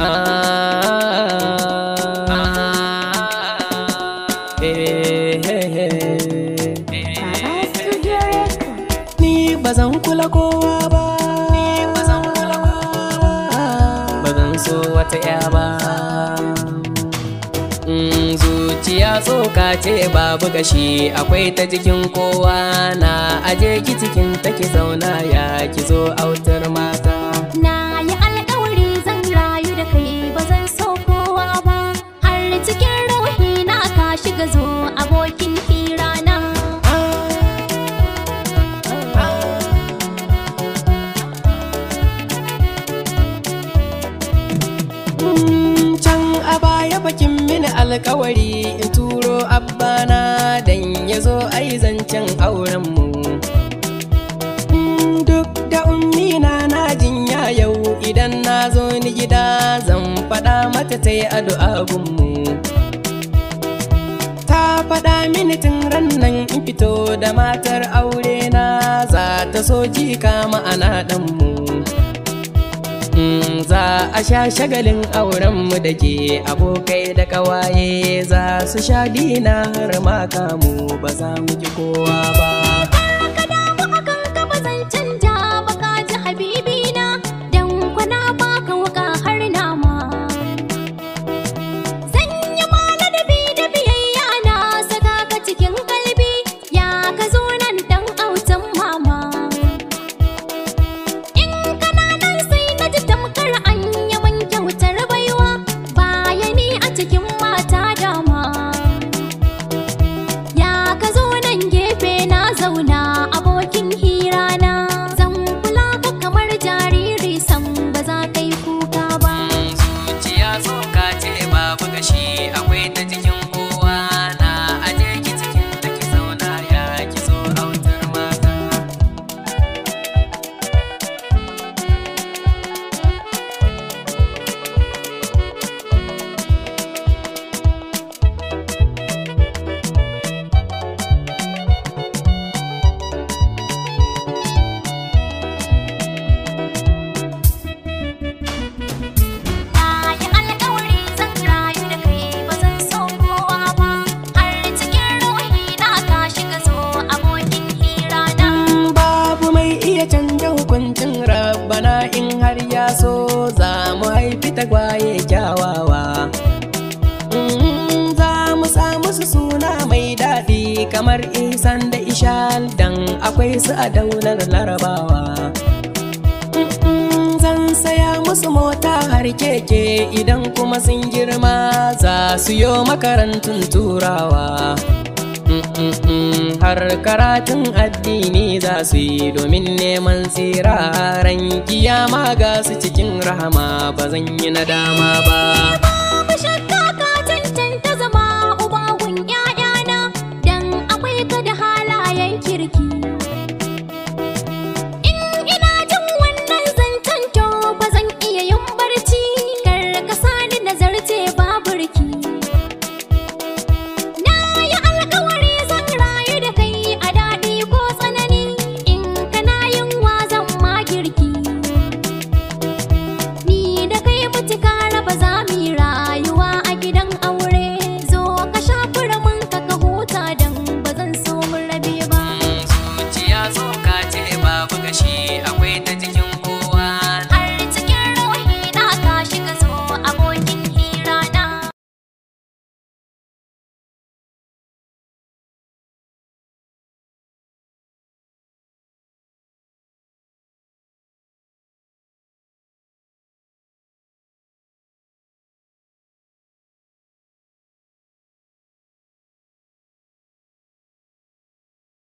Ni ba zan kula kowa ba Ba zan so wata ba mm, Zuciya tsoka ce babu gashi akwai ta jikin kowa na aje ki cikin take zauna ya ki zo autar mata alkawari in turo abbana dan ya zo ai zancen mu. duk da ummina na jinya yau idan na zo ni gida zan faɗa mata ta yi addu'a gunmu ta faɗa mini tun rannan in fito da matar aure na za ta so jika ma'ana ɗanmu za a sha shagalin auren mu da ke abokai da kawaye za su sha dina har ma kamu ba za mu ki kowa ba. Ka damu akan ka zancen. tafi gashi akwai ta jikin isan da ishal dan akwai su a daular larabawa zan saya musu mota har keke idan kuma sun girma za su yo makarantun turawa har karatun addini za su yi domin neman tsira ran kiyama ga su cikin rahama ba zan yi nadama ba